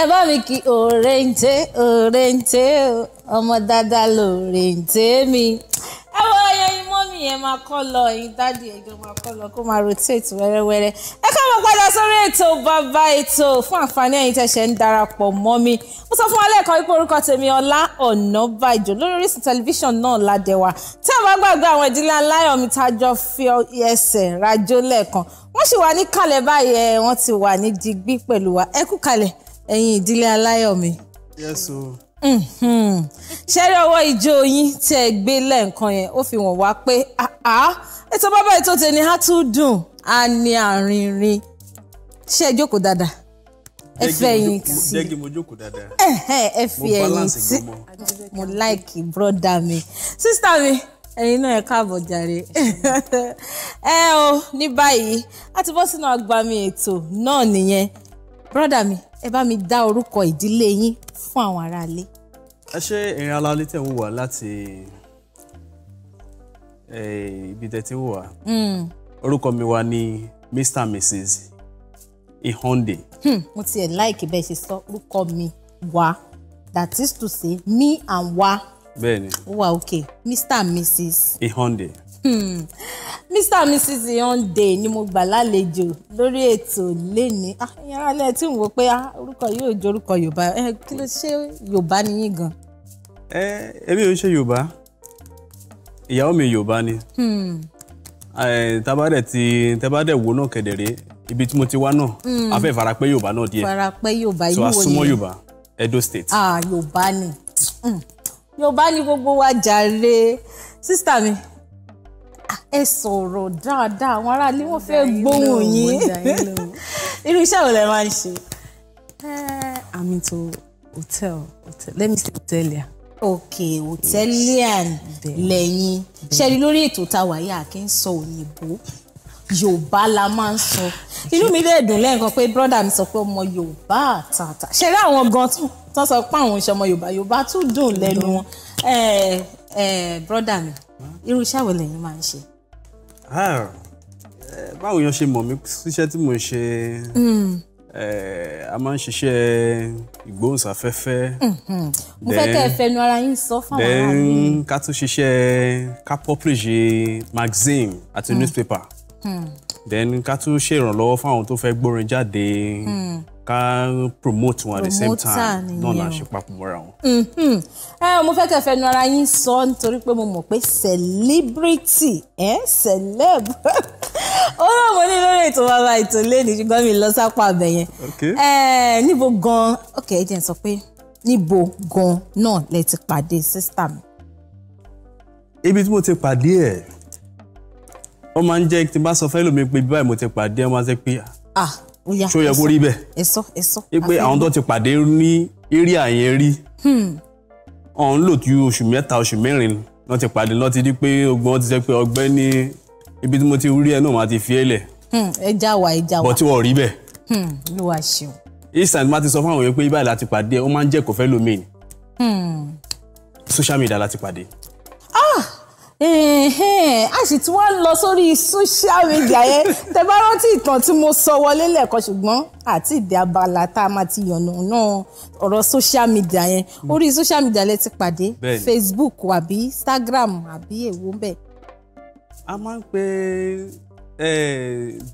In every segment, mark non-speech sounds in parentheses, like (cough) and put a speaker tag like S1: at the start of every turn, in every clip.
S1: ẹ bá mi kí òrèǹté òrèǹté ọmọ dáadáa lòrèǹté mi ẹ wọ ọyọ imọ mi yẹn máa kọ lọ ẹyin dádì ẹjọ máa kọ lọ kó máa rotate wẹ́rẹ́wẹ́rẹ́ ẹ káàbọ̀ padà sórí ètò bàbá ètò fún àǹfààní ẹ̀yin tẹ̀sẹ̀ ń darapọ̀ mọ́ mi mo sọ fún wa lẹ́ẹ̀kan wípé orúkọ tèmi Ọlá Ọ̀nàbàjọ́ lórí Orísun tẹlifíṣàn náà ládẹ́wà tí a bá gbàgbé àwọn ìdílé aláyọ̀ mi tá a jọ fi ẹsẹ̀ rajó lẹ́ẹ̀kan wọ́n sì wà ní kalẹ̀ báyìí wọ́n ti wà ní digbí pẹ̀lú wa ẹ kú kalẹ̀ ẹ̀yin ìdílé aláyọ̀ yes o. Mm-hmm. ṣẹ́rí ọwọ́ ijó yín tí ẹ gbé lẹ́ẹ̀kan yẹn ó fi wọ̀n wá pé ètò bàbá ètò tèmi á tún dùn á ní àrìnrìn ṣé ẹ jókòó dáadáa
S2: ẹ fẹ́ yín tí jẹ́gi mo jókòó dáadáa
S1: ẹ fi ẹ̀yìn tí mo láìkì bọ́dà mi sísítà mi ẹ̀yin náà ẹ káàbọ̀ jàre (laughs) ẹ o ní báyìí a ti bọ́ sínú agbami ètò náà nìyẹn bọ́dà mi ẹ bá mi dá orúkọ ìdílé yín fún àwọn aráalé.
S2: ẹ ṣe ìrìn alalẹ tẹ̀ ń wò wá láti ibi tẹ̀ ti wò wá hmm. orúkọ mi wá ní mr and mrs ihonde.
S1: Hmm, mo tiẹ̀ láìkí bẹ́ẹ̀ ṣe sọ orúkọ mi wá that is to say me and wa. bẹ́ẹ̀ni ó wà òkè mr and mrs. ihonde. Hmm mr and mrs Yonde, ni mo gbà lálejò lórí ètò lẹ́ni ayáralẹ̀ ah, tí n wò pé ah, orúkọ yóò jẹ́ orúkọ yorùbá ẹ eh, kí ló ṣe yorùbá nìyí gan.
S2: ẹ eh, ẹbí ò ń ṣe yorùbá ìyàwó mi yorùbá ni hmm. eh, tabadẹ ti tabadẹ wo náà kedere ibi tí mo ti wá náà hmm. a fẹ́ yorùbá náà díẹ̀
S1: fara yorùbá ìlú wo ni so a súnmọ́ yorùbá edo state. ah yorùbá ni hmm. yorùbá ni gbogbo wa jàre sísítà mi ẹ sọ̀rọ̀ dáadáa àwọn aráàlú wọn fẹ́ gbóhùn yín (laughs) irú iṣẹ́ wo lẹ máa ń ṣe. I'm into hotel hotel let me say hotelia. ya. ok hotelian lẹ́yìn ṣẹ́ni lórí ètò táwa yìí àkí ń sọ òyìnbó yorùbá la máa ń sọ inú mi lè dùn lẹ́ẹ̀kan pé brọ́dà mi sọ pé ọmọ yorùbá àtàtà ṣe rí àwọn gan tó sọ pé àwọn ìṣọmọ yorùbá yorùbá tún dùn lẹ́nu wọn brọ́dà mi irú iṣẹ́ wo lẹ́yìn máa ń ṣe.
S2: Ah, eh, báwo yan ṣe mọ̀ mí síṣẹ́ tí mo ṣe hmm. eh, a máa ń ṣiṣẹ́ ìgbóhùnsáfẹ́fẹ́. Hmm. mo fẹ́ kẹ́ ẹ
S1: fẹnu ara yín sọ fáwọn ará mi. then
S2: ká tún ṣiṣẹ́ ká pọ́pìlìṣì magazine àti hmm. newspaper. then ká tún ṣèrànlọ́wọ́ fáwọn tó fẹ́ gbórin jáde ká promote wọn at the same time náà là ń ṣe papọ̀ mọ́ra wọn.
S1: Mm-hmm. ẹ mo fẹ́ kẹ́ fẹ́ nu ara yín sọ nítorí pé mo mọ̀ pé celebrity eh? celeb olóòmọ (laughs) ní lórí ètò bàbá ètò lẹ́nu ṣùgbọ́n mi lọ sápá abẹ yẹn níbo gan-an ok ẹ jẹ́ n sọ pé níbo gan-an náà lẹ ti pàdé sísítà mi.
S2: ibi tí mo ti pàdé ẹ ó máa ń jẹ́ tí n bá sọ fẹ́ lómi pé báyìí mo ti pàdé ẹ máa ń sẹ́ pé.
S1: ah ṣó yẹ kó rí bẹ́ẹ̀. èso èso àfihàn. pé àwọn tó ti
S2: pàdé ní area yẹn rí. Hmm. ọ̀hún lò tí oṣù mẹ́ta oṣù mẹ́rin lọ́ọ́ ti pàdé lọ́ọ́ ti di pé ọgbọ́n ti sẹ́ pé ọgbẹ́ ní ibi tí mo ti rí ẹ náà máa ti fi ẹ́
S1: hmm, ẹ já wa ẹ já wa bọ́ tí wọ́n rí bẹ́ẹ̀. Hmm, ló wàá ṣeun.
S2: instant máa ti sọ fún àwọn yẹn pé ibà láti pàdé ó máa ń jẹ́ kò fẹ́ lómi ni. social media láti pàdé
S1: a sì ti wá ń lọ sórí social media yẹn tẹ bá rántí ìtàn tí mo sọ wọlé lẹ́ẹ̀kan ṣùgbọ́n àti ìdí abala tá a máa ti yànnà náà ọ̀rọ̀ social media yẹn hmm. orí social media lẹ ti pàdé Facebook àbí Instagram àbí èwo ń bẹ.
S2: a máa ń pè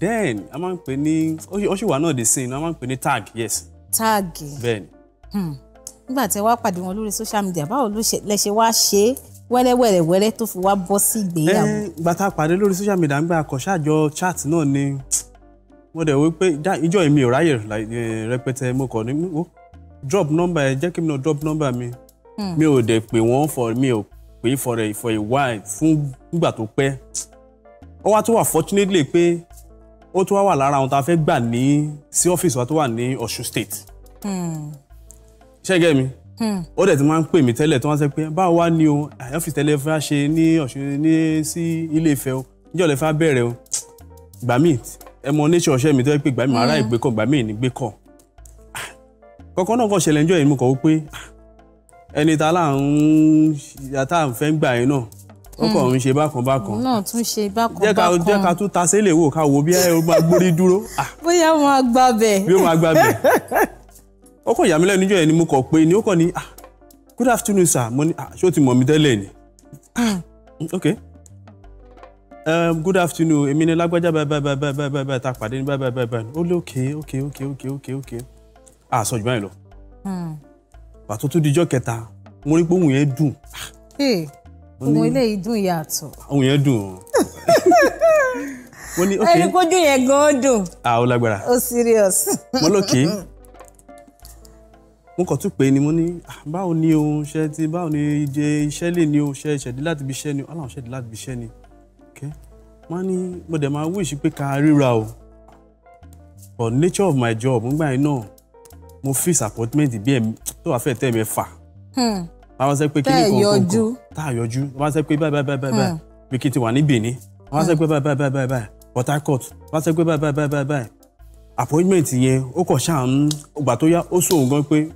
S2: bẹ́ẹ̀ ni a máa ń pè ní ó ṣì wà náà dé sí i a máa ń pè ní tag yes. tag bẹ́ẹ̀ ni. Hmm.
S1: nígbà tí ẹ wá pàdé wọn lórí social media báwo lẹ ṣe wá ṣe é wẹ́rẹ́wẹ́rẹ́wẹ́rẹ́ tó fi wá bọ́ sí ìgbéyàwó. Eh,
S2: ìgbà tá a pàdé lórí social media ń gbà àkọ́ṣe àjọ chat náà ni mo dẹ̀ wí pé ìjọ èmi ò ráyè eh, rẹpẹtẹ mo kọ̀ ní o drop number ẹ jẹ́ kí mi náà drop number mi hmm. mi ò dẹ̀ pè wọ́n for mi ò pè for a for a while fún ìgbà tó pẹ́ ó wá tó wà fortunately pé ó tó wá wà lára àwọn tá a fẹ́ gbà ní sí ọ́fíìsì wa tó wà ní Ọ̀ṣun state hmm. ṣẹ́gẹ́ mi Hmm. ó dẹ̀ ti máa ń pè mí tẹ́lẹ̀ tí wọ́n sẹ́ pé báwo wá ni o ọ́fíìsì tẹ́lẹ̀ fẹ́ ṣe ní ọ̀ṣun ní sí ilé Ifẹ̀ o níjọ́ lè fẹ́ bẹ̀rẹ̀ o gbà mí ẹ mọ oníṣẹ́ ọ̀ṣẹ́ mi tó yẹ pé gbà mí ara ìgbé kọ̀ hmm. gbà mí ìní gbé kọ̀ kọ̀ọ̀kan náà kọ̀ ṣẹlẹ̀ níjọ́ yìí mo kọ̀ wípé ẹni tá là ń yàtá à ń fẹ́ gbà yẹn náà ó kọ̀ hmm. ń ṣe bákan bákan
S1: náà tún ṣe bákan bákan jẹ́
S2: ká tún ta sílẹ̀ wò ká (laughs) (laughs) ó kàn yà mí lẹ́nu jọ́ yẹn ni mo kọ̀ pé ni ó kàn ní ah good afternoon sir mo ní ah ṣé o ti mọ̀ mí tẹ́lẹ̀ ni ah, mm, ok um, good afternoon èmi ni lágbájá báyìí báyìí báyìí báyìí báyìí báyìí ta pàdé ní báyìí báyìí báyìí ó lé òkè òkè òkè òkè òkè òkè ah sọ jù báyìí lọ. Hmm. pàtó tó dijọ́ kẹta mo rí pé òun yẹn dùn. òun eh,
S1: eléyìí dùn yàtọ̀.
S2: òun yẹn dùn
S1: (laughs) mo ẹni kojú yẹn gan-an dùn. ah ó lágbára. ó serious. mo
S2: lókè. (laughs) mo kàn tún pè é ni mo ní báwo ni o ṣe ti báwo ni ìje iṣẹ́ lè ní o ṣe ṣẹ̀dí láti ibi iṣẹ́ ni aláwọ̀ ṣẹ̀dí láti ibi iṣẹ́ ni okay wọ́n ní mo dẹ̀ máa wíṣí pé ká ríra o but nature of my job nígbà yẹn náà mo fix appointment bí ẹ̀ tó wàá fẹ́ tẹ́ ẹ̀ mẹ́fà báwọn sẹ́ pé kí ni kọ̀ọ̀kan tá a yọjú báwọn sẹ́ pé báyìí báyìí báyìí bí kí n ti wà ní Benin wọ́n sọ pé báyìí báyìí báyìí báyìí Port Harcourt wọ́n sọ pé báyìí báyìí báyìí báyìí appointment yẹn ó kọ̀ ṣáà ń gbà tó yá ó sóhun gan pé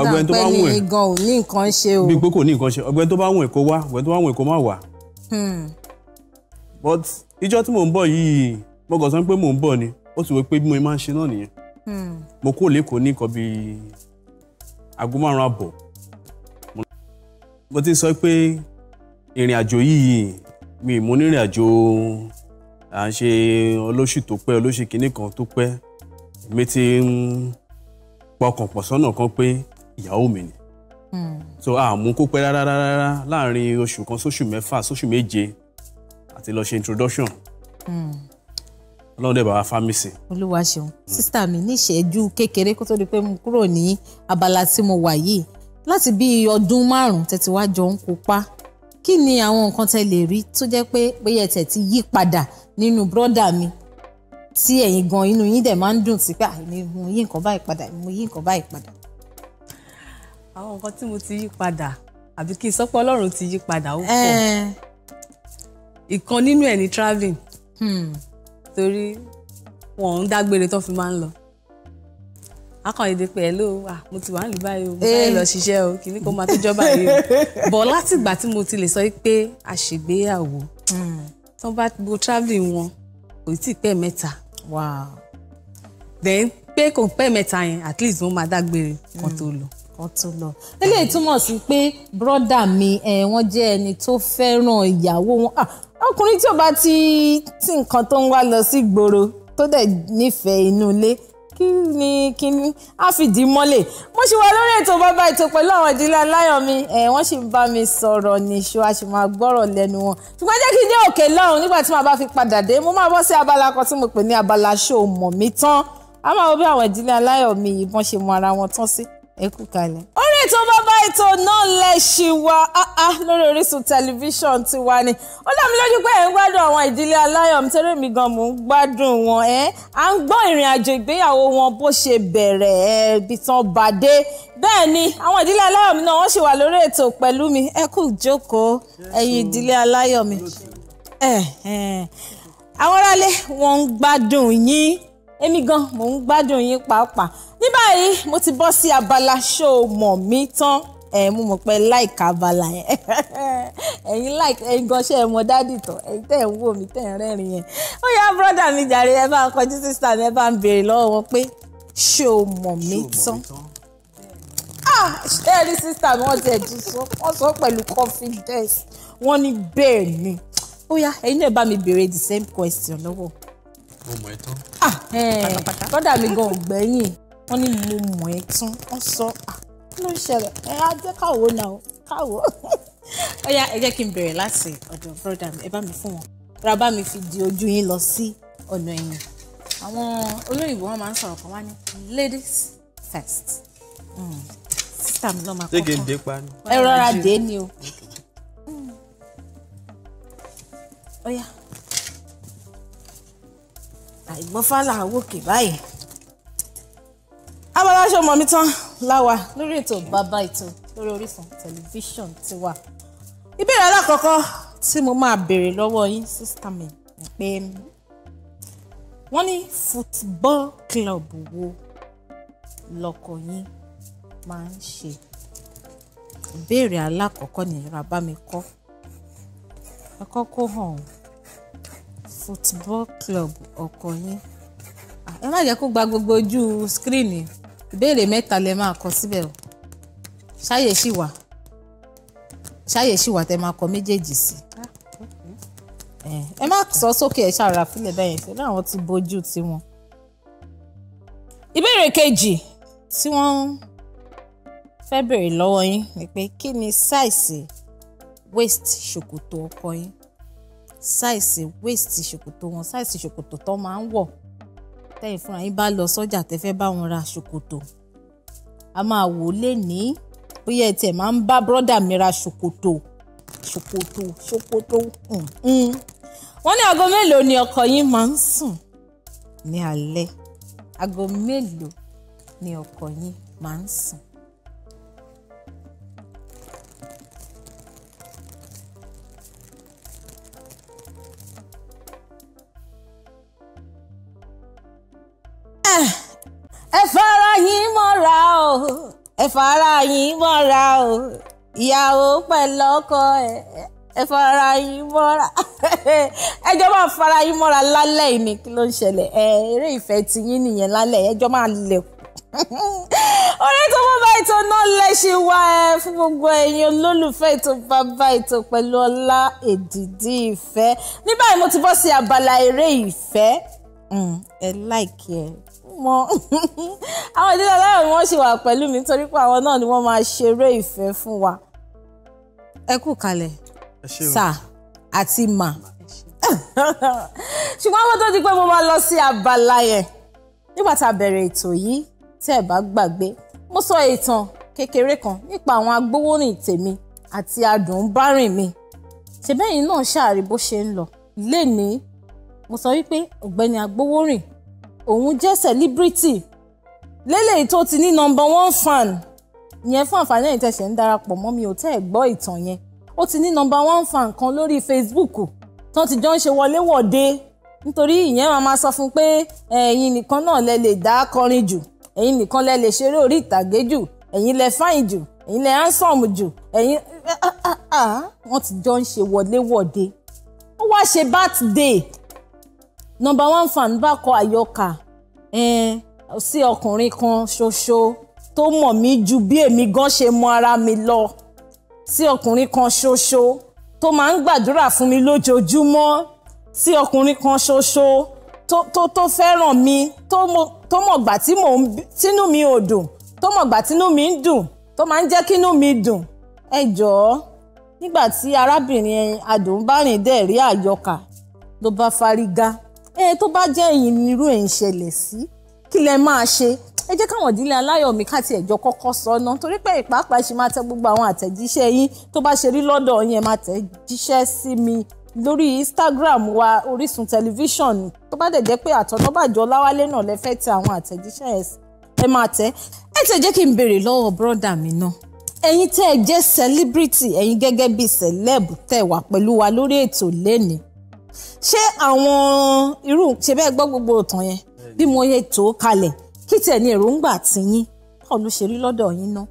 S2: ọgbẹ́ni tó bá wùn ẹ̀
S1: gan ò ní nǹkan ṣe o. bí
S2: pé kò ní nǹkan ṣe ọgbẹ́ni tó bá wùn ẹ̀ kó wá ọgbẹ́ni tó bá wùn ẹ̀ kó má wá. Hmm. but ìjọ tí mò ń bọ̀ yìí mo kàn sọ pé mò ń bọ̀ ni ó sì wọ pé bí mo máa ń ṣe náà nìyẹn. Hmm. mo kó lẹ́kọ̀ọ́ ní nǹkan bíi aago márùn-ún àbọ̀. mo ti sọ pé ìrìn àjò yìí mi mo ní ìrìn àjò à ń ṣe olóṣù tó pẹ́ olóṣù kìíní tó pẹ́ mi ti pọkàn pọ̀ sọ́nà kan pé ìyàwó mi ni. Hmm. so àmú kó pẹ́ rárá rárá láàrin oṣù kan sóṣù mẹ́fà sóṣù méje àti lọ ṣe introduction. Hmm. ọlọ́run dẹ̀ bá wa fámi sí.
S1: olúwa ṣeun sísítà mi ní ìṣẹ́jú kékeré kó tó di pé mo kúrò ní abala tí mo wà yìí láti bí ọdún márùn-ún tẹ́tí wá jọ ń kópa kí ni àwọn nǹkan tẹ́ lè rí tó jẹ́ pé bóyá ẹ̀tẹ̀ ti yí padà nínú bírọ́dà mi tí ẹ̀yin gan inú yín dẹ̀ máa ń dùn sí pé àìní mo yí nǹkan báyìí padà mo yí nǹkan báyìí padà àwọn nǹkan tí mo ti yí padà àbí kí n sọ pé ọlọ́run ti yí padà ó pọ̀ eh. ìkan nínú ẹ̀ ní traveling hmm. torí wọn ń dágbére tó fi máa ń lọ akọ̀yẹ̀dẹ̀ pé à mo ti wà ń báyìí o mo sáré eh. lọ ṣiṣẹ́ o kì í ní kó máa tó jọba yìí o (laughs) bọ̀ látìgbà tí mo ti lè sọ pé a ṣègbéyàwó hmm. tó bá bo traveling wọn kò tí ì pẹ́ mẹ́ta then pé kò pẹ́ mẹ́ta yẹn at least wọ́n máa dágbére kan hmm. tó lọ. Mm kan tó lọ eléyìí túmọ̀ sí pé brọ́dà mi wọ́n jẹ́ ẹni tó fẹ́ràn ìyàwó wọn ah, ọkùnrin tí ò bá ti ti nǹkan tó ń wá lọ sí gbòòrò tó dẹ̀ nífẹ̀ẹ́ inú ilé kí ni kí ni á fìdí mọ́lẹ̀ mo ṣì wà lórí ètò bàbá ètò pẹ̀lú àwọn ìdílé aláyọ̀ mi ẹ̀ wọ́n sì ń bá mi sọ̀rọ̀ nìṣó a sì máa gbọ́rọ̀ lẹ́nu wọn ṣùgbọ́n jẹ́ kí n dé òkè lọ́hùn nígbà tí màá bá fi padà dé mo máa bọ́ sí abala kan tí mo pè ní abala ṣó mọ̀ mí tán a máa wọ bí àwọn ìdílé aláyọ̀ mi yìí bọ́n ṣe mọ ara wọn tán sí ẹ kú kalẹ̀. orí ètò bàbá ètò náà lẹ ṣì wá ah, ah, lórí Orísun tẹlifíṣàn tiwa ni ó dá mi lójú pé ẹ ń gbádùn àwọn ìdílé aláyọ̀ nítorí mi gan mò ń gbádùn wọn ẹ à ń gbọ́ ìrìn àjò ìgbéyàwó wọn bó ṣe bẹ̀rẹ̀ ẹ bí tán bàdé bẹ́ẹ̀ ni àwọn ìdílé aláyọ̀ mi náà wọ́n ṣì wà lórí ètò pẹ̀lú mi ẹ kú jókòó ẹ̀yin ìdílé aláyọ̀ mi àwọn aráalé wọn ń gbádùn yín èmi gan mò ń gbádùn yín pàápàá ní báyìí mo ti bọ́ sí abala show o mọ̀ mí tán ẹ mo mọ̀ pé láìka abala yẹn (laughs) ẹ̀yin láìka ẹ̀yin gan ṣe ẹ mọ dádì tán ẹ̀yin tẹ̀ ń wò mí tẹ̀ ń rẹ́rìn yẹn ó yá brọ́dà mi jàre ẹ bá ń kọjú sísá mi ẹ bá ń béèrè lọ́wọ́ wọn pé ṣó o mọ̀ mí tán ṣé ah, ẹ rí sísá mi wọ́n ti ẹ̀ tún sọ wọ́n sọ pẹ̀lú confidence wọ́n ní bẹ́ẹ̀ ni ó yá ẹ̀yin náà bá mi béèrè the same question lọ́wọ́ mo mọ̀ ẹ́ tán. Ah, eh, bọ́dà mi gan ọ̀gbẹ́yìn wọ́n ní mo mọ̀ ẹ́ tán wọ́n sọ ah, kí ló ń ṣẹlẹ̀ ẹ á jẹ́ káwo náà káwo. ó (laughs) yá ẹ jẹ́ kí n bẹ̀rẹ̀ láti ọ̀dọ̀ bọ́dà mi ẹ bá mi fún wọn ra bá mi fi di ojú yín lọ sí ọ̀nà ẹ̀yìn àwọn olóyìnbó wọn máa ń sọ̀rọ̀ kan wá ní ladies first hmm. sísá mi lọ́ọ́ máa kọ́kọ́ ṣége ń dé pa ni. ẹ rọra dé ni o. ó hmm. yá àìgbọ́fálà wòkè báyìí abala ṣe mọ̀ mi tán láwa lórí ètò bàbá ètò lórí Orísun tẹlifíṣàn tiwa ìbéèrè alákọ̀ọ́kọ́ tí mo máa béèrè lọ́wọ́ yín sísítà mi ni pé wọ́n ní football club wo lọ́kọ yín máa ń ṣe ìbéèrè alákọ̀ọ́kọ́ nìyẹn bàbá mi kọ́ ẹ kọ́kọ́ hàn ọ́ football club ọkọ yín ah, ẹ má jẹ́ kó gba gbogbo ojú skírínì ìbéèrè mẹ́ta lẹ máa kọ síbẹ̀ o ṣáyè sì wà ṣáyè sì wà tẹ máa kọ méjèèjì sí ẹ má sọ sókè ẹ ṣàrà fílẹ̀ bẹ́yẹn tó láwọn ti bójú tiwọn. ìbéèrè kejì tí wọ́n fẹ́ béèrè lọ́wọ́ yín ni pé kí ni sáìsì waist ṣòkòtò ọkọ yín ṣáìsì waist ṣòkòtò wọn ṣáìsì ṣòkòtò tó máa ń wọ̀ tẹ́yìn fúnra yín bá lọ sọ́jà tẹ́fẹ́ bá wọn ra ṣòkòtò a máa wò ó lé ní bóyá ẹ tiẹ̀ máa ń bá brọ́dà mi ra ṣòkòtò ṣòkòtò ṣòkòtò wọ́n ní aago mélòó ni ọkọ yín máa ń sùn ní alẹ́ aago mélòó ni ọkọ yín máa ń sùn. o ẹ fara yín mọ́ra o ìyàwó pẹ̀lú ọkọ ẹ ẹ fara yín mọ́ra (laughs) ẹjọ́ máa fara yín mọ́ra lálẹ́ yìí ni kí ló ń ṣẹlẹ̀ ẹ eré ìfẹ́ ti yín nìyẹn lálẹ́ ẹjọ́ máa lẹ̀ (laughs) orí tó bá bá ètò náà lẹ́sìn wá ẹ fún gbogbo ẹ̀yin olólùfẹ́ ètò bàbá ètò pẹ̀lú ọlá èdìdí ìfẹ́ ní báyìí mo ti bọ́ sí abala eré ìfẹ́ ẹ láìkí ẹ mọ àwọn ìdílé aláyọ̀ wọn ṣì wà pẹ̀lú mi nítorí pé àwọn náà ni wọ́n máa ṣeré ìfẹ́ fún wa ẹ kú kalẹ̀ sà àti mà (laughs) ṣùgbọ́n wọ́n tó di pé mo máa lọ sí abala yẹn nígbà tá a bẹ̀rẹ̀ ètò yìí tẹ́ ẹ̀ bá gbàgbé mo sọ ìtàn kékeré kan nípa àwọn agbowórin tèmi àti adùn bárìn mi ṣe bẹ́yìn náà ṣàrí bó ṣe ń lọ lénìí mo sọ wípé ọ̀gbẹ́ni agbowórin òun jẹ́ celebrity lélẹ́yìí tó ti ní number one fan yẹn fún àǹfààní ẹ̀yin tẹ̀sẹ̀ ń darapọ̀ mọ́ mi ò tẹ́ ẹ̀ gbọ́ ìtàn yẹn ó ti ní number one fan kan lórí Facebook tán ti jọ ń ṣe wọléwọ̀de nítorí ìyẹn máa ma sọ fún pé ẹ̀yin nìkan náà lẹ lè dá kọrin jù ẹ̀yin nìkan lẹ lè ṣeré orí ìtàgé jù ẹ̀yin lẹ fáìn jù ẹ̀yin lẹ handsome jù ẹ̀yin (laughs) wọ́n ti jọ ń ṣe wọléwọ̀de ó wá ṣe birthday number one fan bá kọ àyọkà sí ọkùnrin kan ṣoṣo tó mọ̀ mí ju bí èmi gan ṣe mọ ara mi lọ sí ọkùnrin kan ṣoṣo tó máa ń gbàdúrà fún mi lójoojúmọ́ sí ọkùnrin kan ṣoṣo tó tó fẹ́ràn mi tó mọ̀ gbà tínú mi ò dùn tó mọ̀ gbà tínú mi ń dùn tó máa ń jẹ́ kínú mi dùn ẹ jọ̀ọ́ nígbà tí arábìnrin Adùnbárìn dẹ̀ rí àyọkà ló bá fárígá ẹ tó bá jẹ́ ẹ̀yin nírú ẹ̀ ń ṣẹlẹ̀ sí kí lẹ máa ṣe ẹ jẹ́ káwọn ìdílé aláyọ̀mí káti ẹ̀jọ́ kọ́kọ́ sọ ná torí pé ìpàápàá ṣe máa tẹ gbogbo àwọn àtẹ̀jíṣẹ́ yín tó bá ṣe rí lọ́dọ̀ yín máa tẹ̀ jíṣẹ́ sí mi lórí Instagram wa Orísun tẹlifíṣàn tó bá dẹ̀ jẹ́ pé àtọ̀nàbàjọ́ láwálé náà lẹ fẹ́ tẹ àwọn àtẹ̀jíṣẹ́ ẹ máa tẹ̀ ẹ tẹ̀ jẹ́ kí n béèrè lọ́wọ́ bọ́dà mi náà ẹ̀yin tẹ́ ẹ jẹ́ celebrity ẹ̀yin gẹ́gẹ́ bíi celeb tẹ́ wà pẹ̀lú wa lórí ètò lénìí ṣé àwọn irú ṣe bẹ́ẹ̀ gbọ́ gbogbo ìtàn yẹn bí mo yẹ tó kalẹ̀ kí tẹ̀ ní èròǹgbà tiyín kọ́ ló ṣe rí lọ́dọ̀ yín náà.